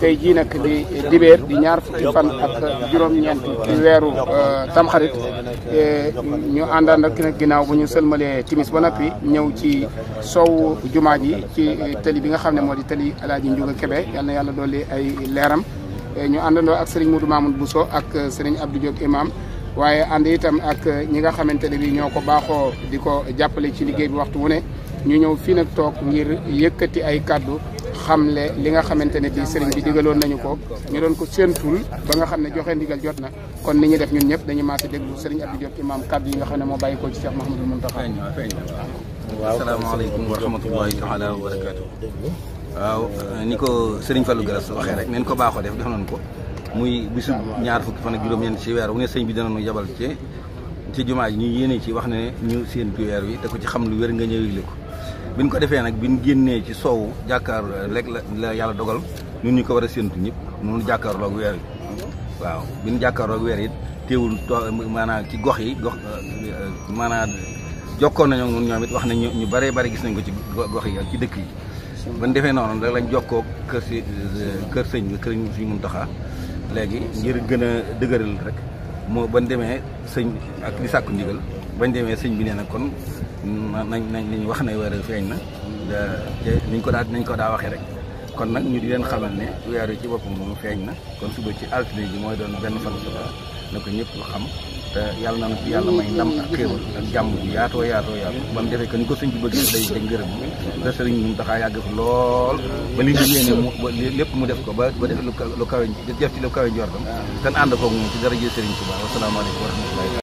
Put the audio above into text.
tey jii nag di dibeer di ñaar fukki fan ak juróom-ñeent ci weeru euh, tamxarit eh, ñu àndaan rek nag ginnaaw bu ñu sëlmalee timis ba noppi ñëw ci sow jumaa ji ci tëli bi nga xam ne moo di tëli alaaji Njuga Kebe yal na yàlla dolli ay leeram eh, ñu àndandoo ak sëriñ Moudou bu Bousso ak sëriñ Abdou Diop imam waaye ànd itam ak ñi nga xamante ne bi ñoo ko baaxoo di ko jàppale ci liggéey bi waxtu wu ne ñu ñëw fii nag toog ngir yëkkati ay kàddu xam xamle li nga xamante ne bii sëriñ bi digaloon nañu ko ñu doon ko séentul ba nga xam ne joxe ndigal jot na kon ni ñuy def ñun ñëpp dañuy maase déglu sëriñ Abdou jot imaam kàddu yi nga xam ne moo bàyyi ko ci Cheikh Mouhamadou Mountakha. waaw asalaamaaleykum wa rahmatullahi taala wa barakaatu. waaw ni ko sëriñ Fallou Garas waxee rek neen ko baaxoo def def nañ ko muy bisu ñaar fukki fan ak juróom-ñeent ci weer wu ne sëñ bi dana nu yabal ci ci jumaa ji ñu yéene ci wax ne ñu séentu weer wi te ko ci xam lu wér nga ñëwee ko bi ñu ko defee nag bi ñu génnee ci soow jàkkaar euh, lekk la yàlla dogal ñun ñu ko war a séntu ñëpp ñun jàkkaarloog weer yi waaw bi ñu jàkkaarloog weer it teewul euh, maanaam ci gox yi gox euh, maanaam jokkoon nañoo ñun ñoom it wax nañ ñu bëree bëri gis nañ ko ci gox yi ak ci dëkk yi. ban defee noonu rek lañ jokkook kër si kër sëñ bi kër suñu Muntaxa léegi ngir gën a dëgëral rek moo ban demee sëñ ak di sàkku ndigal bañ demee sëñ bi nee nag kon. nañ nañ nañ wax ne weer feeñ na niñ ko daa nañ ko daa waxee rek kon nag ñu di leen xamal ne weer wi ci boppam moom feeñ na kon suba ci altine ji mooy doon benn fan suba na ko ñëpp xam te yàlla na yàlla may ndam ak xéewal ak jàmm ji yaatoo yaatoo yaatoo ba mu defee que ni ko sëñ bi bëgg day day da sëriñ bi mu taxaa yàgg fi lool ba li ñu yéene mu lépp mu def ko ba ba def lu kawe def ci lu kawe njortam ten ànd koog moom ci daraje sëriñ Tuubaa wasalaamaaleykum wa